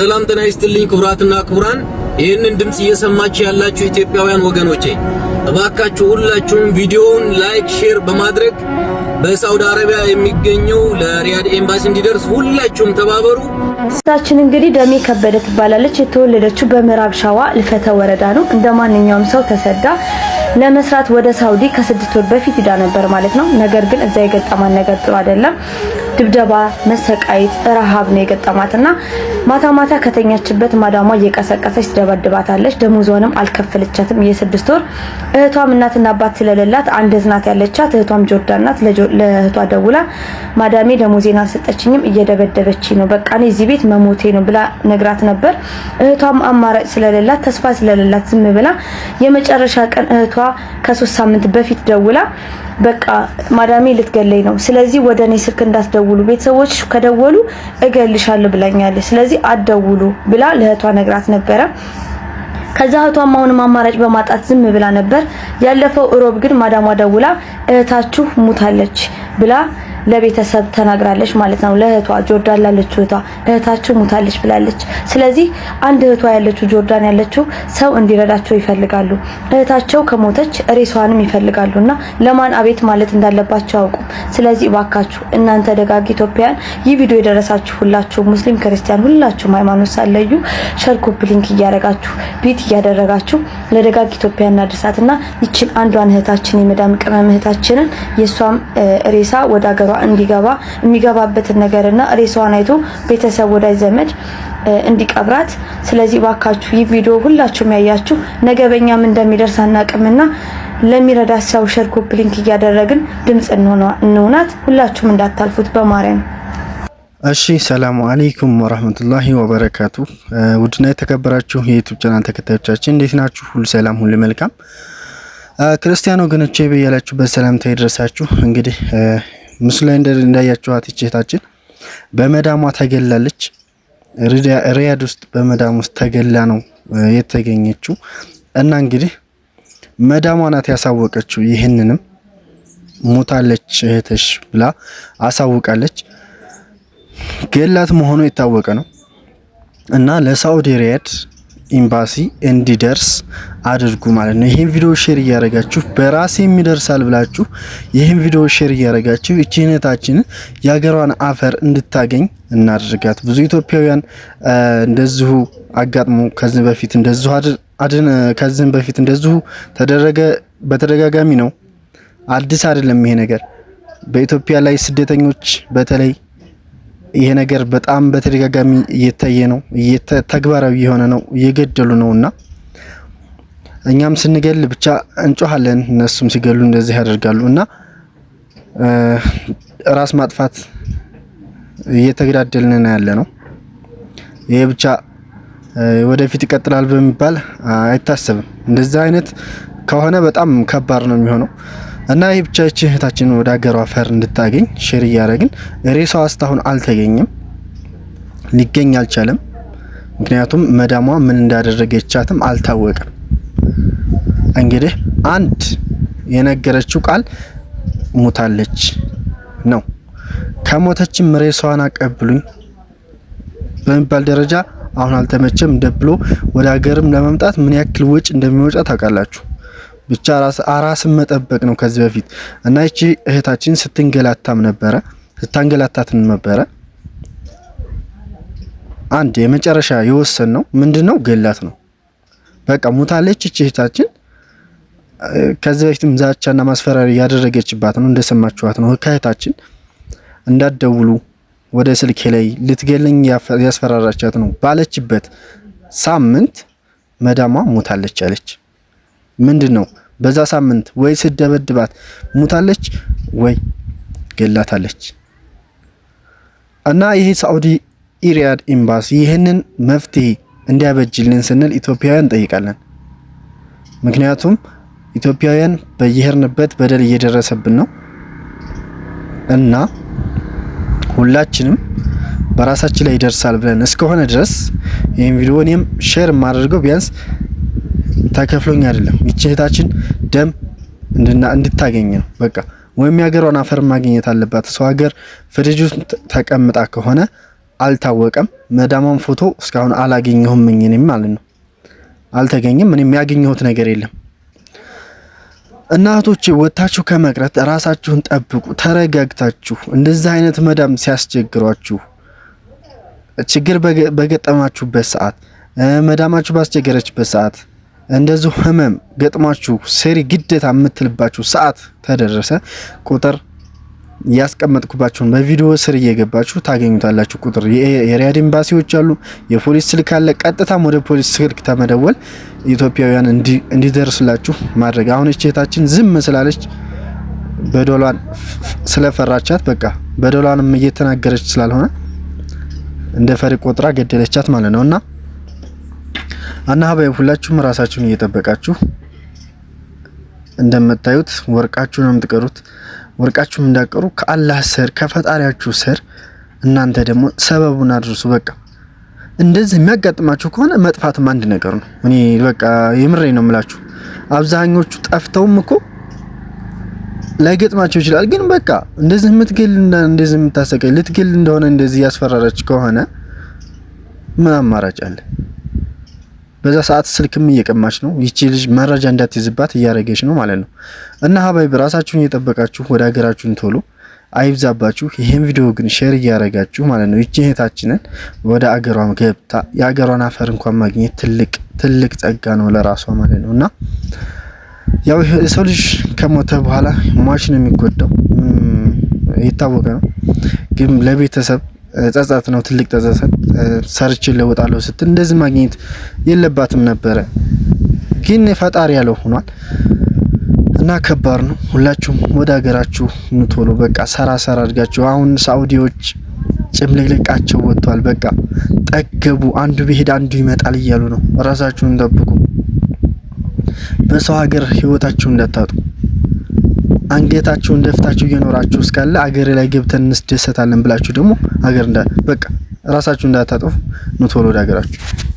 ሰላም ጤና ይስጥልኝ ክቡራትና ክቡራን፣ ይህንን ድምፅ እየሰማችሁ ያላችሁ ኢትዮጵያውያን ወገኖቼ እባካችሁ ሁላችሁም ቪዲዮውን ላይክ፣ ሼር በማድረግ በሳውዲ አረቢያ የሚገኘው ለሪያድ ኤምባሲ እንዲደርስ ሁላችሁም ተባበሩ። ስታችን እንግዲህ ደሜ ከበደ ትባላለች። የተወለደችው በምዕራብ ሸዋ እልፈተ ወረዳ ነው። እንደ ማንኛውም ሰው ተሰዳ ለመስራት ወደ ሳውዲ ከስድስት ወር በፊት ሂዳ ነበር ማለት ነው። ነገር ግን እዛ የገጠማን ነገር ጥሩ አይደለም። ድብደባ፣ መሰቃየት፣ ረሃብ ነው የገጠማትና ማታ ማታ ከተኛችበት ማዳሟ እየቀሰቀሰች ትደበድባታለች። ደሞዟንም አልከፈለቻትም የስድስት ወር። እህቷም እናትና አባት ስለሌላት አንድ እዝናት ያለቻት እህቷም ጆርዳን ናት። ለእህቷ ደውላ ማዳሜ ደሞዜን አልሰጠችኝም እየደበደበች ነው፣ በቃ እኔ እዚህ ቤት መሞቴ ነው ብላ ነግራት ነበር። እህቷም አማራጭ ስለሌላት ተስፋ ስለሌላት ዝም ብላ የመጨረሻ ቀን እህቷ ከሶስት ሳምንት በፊት ደውላ በቃ ማዳሜ ልትገለኝ ነው፣ ስለዚህ ወደ እኔ ስልክ እንዳትደውሉ፣ ቤተሰቦች ከደወሉ እገልሻለሁ ብላኛለች፣ ስለዚህ አትደውሉ ብላ ለእህቷ ነግራት ነበረ። ከዛ እህቷም አሁንም አማራጭ በማጣት ዝም ብላ ነበር። ያለፈው እሮብ ግን ማዳሟ ደውላ እህታችሁ ሙታለች ብላ ለቤተሰብ ተናግራለች ማለት ነው። ለእህቷ ጆርዳን ላለች እህቷ እህታችሁ ሙታለች ብላለች። ስለዚህ አንድ እህቷ ያለችው ጆርዳን ያለችው ሰው እንዲረዳቸው ይፈልጋሉ። እህታቸው ከሞተች ሬሷንም ይፈልጋሉና ለማን አቤት ማለት እንዳለባቸው አውቁም። ስለዚህ እባካችሁ እናንተ ደጋግ ኢትዮጵያን ይህ ቪዲዮ የደረሳችሁ ሁላችሁ ሙስሊም ክርስቲያን፣ ሁላችሁም ሃይማኖት ሳለዩ ሸርኮፕ ሊንክ እያደረጋችሁ ቢት እያደረጋችሁ ለደጋግ ኢትዮጵያ እናድርሳትና ይችን አንዷን እህታችን የመዳም ቅመም እህታችንን የእሷም ሬሳ ወደ አገሯ ገባ እንዲገባ የሚገባበትን ነገርና ሬሷን አይቶ ቤተሰብ፣ ወዳጅ ዘመድ እንዲቀብራት። ስለዚህ ባካችሁ ይህ ቪዲዮ ሁላችሁም ያያችሁ ነገ በእኛም እንደሚደርስ አናቅምና ለሚረዳ ሰው ሸር፣ ኮፒ ሊንክ እያደረግን ድምጽ እንሆናት። ሁላችሁም እንዳታልፉት በማርያም እሺ ሰላሙ አለይኩም ወራህመቱላሂ ወበረካቱ። ውድና የተከበራችሁ የዩቲዩብ ቻናል ተከታዮቻችን እንዴት ናችሁ? ሁሉ ሰላም፣ ሁሉ መልካም። ክርስቲያን ወገኖቼ በያላችሁበት ሰላምታ ይድረሳችሁ። እንግዲህ ምስሉ ላይ እንዳያችኋት እህታችን በመዳሟ ተገላለች። ሪያድ ውስጥ በመዳም ውስጥ ተገላ ነው የተገኘችው እና እንግዲህ መዳሟ ናት ያሳወቀችው። ይህንንም ሞታለች እህተሽ ብላ አሳውቃለች። ገላት መሆኑ የታወቀ ነው እና ለሳውዲ ሪያድ ኤምባሲ እንዲደርስ አድርጉ ማለት ነው። ይህን ቪዲዮ ሼር እያደረጋችሁ በራሴ የሚደርሳል ብላችሁ ይህን ቪዲዮ ሼር እያደረጋችሁ እህታችንን የሀገሯን አፈር እንድታገኝ እናድርጋት። ብዙ ኢትዮጵያውያን እንደዚሁ አጋጥሞ ከዚህ በፊት እንደዚሁ አድን ከዚህም በፊት እንደዚሁ ተደረገ። በተደጋጋሚ ነው፣ አዲስ አይደለም ይሄ ነገር በኢትዮጵያ ላይ ስደተኞች በተለይ ይሄ ነገር በጣም በተደጋጋሚ እየታየ ነው፣ ተግባራዊ የሆነ ነው፣ እየገደሉ ነው እና እኛም ስንገል ብቻ እንጮሃለን፣ እነሱም ሲገሉ እንደዚህ ያደርጋሉ እና ራስ ማጥፋት እየተገዳደልን ያለ ነው። ይሄ ብቻ ወደፊት ይቀጥላል በሚባል አይታሰብም። እንደዚህ አይነት ከሆነ በጣም ከባድ ነው የሚሆነው። እና ይህ ብቻች እህታችን ወደ ሀገሯ አፈር እንድታገኝ ሼር እያደረግን፣ ሬሳዋ እስካሁን አልተገኘም፣ ሊገኝ አልቻለም። ምክንያቱም መዳሟ ምን እንዳደረገቻትም አልታወቀም። እንግዲህ አንድ የነገረችው ቃል ሞታለች ነው። ከሞተችም ሬሳዋን አቀብሉኝ በሚባል ደረጃ አሁን አልተመቸም ደብሎ ወደ ሀገርም ለመምጣት ምን ያክል ወጪ እንደሚወጣ ታውቃላችሁ። ብቻ አራስን መጠበቅ ነው ከዚህ በፊት እና ይቺ እህታችን ስትንገላታም ነበረ ስታንገላታትን ነበረ። አንድ የመጨረሻ የወሰን ነው ምንድን ነው ገላት ነው በቃ ሞታለች። ይቺ እህታችን ከዚህ በፊትም ዛቻና ማስፈራሪ ያደረገችባት ነው እንደሰማችኋት ነው። ከእህታችን እንዳደውሉ ወደ ስልኬ ላይ ልትገለኝ ያስፈራራቻት ነው ባለችበት ሳምንት መዳሟ ሞታለች አለች። ምንድን ነው በዛ ሳምንት ወይ ስደበድባት ሙታለች ወይ ገላታለች። እና ይሄ ሳዑዲ ኢሪያድ ኤምባሲ ይህንን መፍትሄ እንዲያበጅልን ስንል ኢትዮጵያውያን እንጠይቃለን። ምክንያቱም ኢትዮጵያውያን በየሄርንበት በደል እየደረሰብን ነው እና ሁላችንም በራሳችን ላይ ይደርሳል ብለን እስከሆነ ድረስ ይህን ቪዲዮ እኔም ሼር የማደርገው ቢያንስ ተከፍሎኝ አይደለም። ይቺ ደም እንድና እንድታገኝ ነው በቃ። ወይም የሀገሯን አፈር ማግኘት አለባት። ሰው ሀገር ፍሪጅ ውስጥ ተቀምጣ ከሆነ አልታወቀም። መዳሟን ፎቶ እስካሁን አላገኘሁም እኔም ማለት ነው አልተገኘም። እኔም ያገኘሁት ነገር የለም። እናቶቼ ወታችሁ ከመቅረት ራሳችሁን ጠብቁ። ተረጋግታችሁ እንደዚህ አይነት መዳም ሲያስቸግሯችሁ ችግር በገጠማችሁበት ሰዓት መዳማችሁ ባስቸገረችበት ሰዓት እንደዚሁ ህመም ገጥሟችሁ ሴሪ ግዴታ የምትልባችሁ ሰዓት ተደረሰ ቁጥር ያስቀመጥኩባችሁን በቪዲዮ ስር እየገባችሁ ታገኙታላችሁ። ቁጥር የሪያድ ኤምባሲዎች አሉ፣ የፖሊስ ስልክ አለ። ቀጥታም ወደ ፖሊስ ስልክ ተመደወል ኢትዮጵያውያን እንዲደርስላችሁ ማድረግ። አሁን እህታችን ዝም ስላለች በዶሏን ስለፈራቻት በቃ በዶሏንም እየተናገረች ስላልሆነ እንደ ፈሪ ቆጥራ ገደለቻት ማለት ነው እና እና ሀባይ ሁላችሁም ራሳችሁን እየጠበቃችሁ እንደምታዩት ወርቃችሁን ነው የምትቀሩት። ወርቃችሁም እንዳቀሩ ከአላህ ስር ከፈጣሪያችሁ ስር እናንተ ደግሞ ሰበቡን አድርሱ። በቃ እንደዚህ የሚያጋጥማችሁ ከሆነ መጥፋትም አንድ ነገር ነው። እኔ በቃ የምሬ ነው የምላችሁ። አብዛኞቹ ጠፍተውም እኮ ላይገጥማቸው ይችላል። ግን በቃ እንደዚህ የምትገል እንደዚህ የምታሰቀኝ ልትገል እንደሆነ እንደዚህ ያስፈራረች ከሆነ ምን አማራጭ አለ? በዛ ሰዓት ስልክም እየቀማች ነው። ይቺ ልጅ መረጃ እንዳትይዝባት እያደረገች ነው ማለት ነው። እና ሀባይብ ራሳችሁን እየጠበቃችሁ ወደ ሀገራችሁን ቶሎ አይብዛባችሁ። ይህም ቪዲዮ ግን ሼር እያደረጋችሁ ማለት ነው። ይቺ እህታችንን ወደ አገሯ ገብታ የአገሯን አፈር እንኳን ማግኘት ትልቅ ትልቅ ጸጋ ነው ለራሷ ማለት ነው። እና ያው የሰው ልጅ ከሞተ በኋላ ሟች ነው የሚጎዳው፣ የታወቀ ነው። ግን ለቤተሰብ ጸጸት ነው፣ ትልቅ ጸጸት። ሰርቼ ለወጣለሁ ስትል እንደዚህ ማግኘት የለባትም ነበረ፣ ግን ፈጣሪ ያለው ሆኗል። እና ከባድ ነው። ሁላችሁም ወደ ሀገራችሁ ቶሎ በቃ ሰራ ሰራ አድርጋችሁ። አሁን ሳውዲዎች ጭምልቅልቃቸው ወጥቷል። በቃ ጠገቡ። አንዱ ቢሄድ አንዱ ይመጣል እያሉ ነው። ራሳችሁን ጠብቁ። በሰው ሀገር ህይወታችሁ እንዳታጡ። አንገታችሁን ደፍታችሁ እየኖራችሁ እስካለ አገር ላይ ገብተን እንስደሰታለን ብላችሁ ደግሞ አገር እንዳ በቃ ራሳችሁ እንዳታጠፉ ኑ ቶሎ ወደ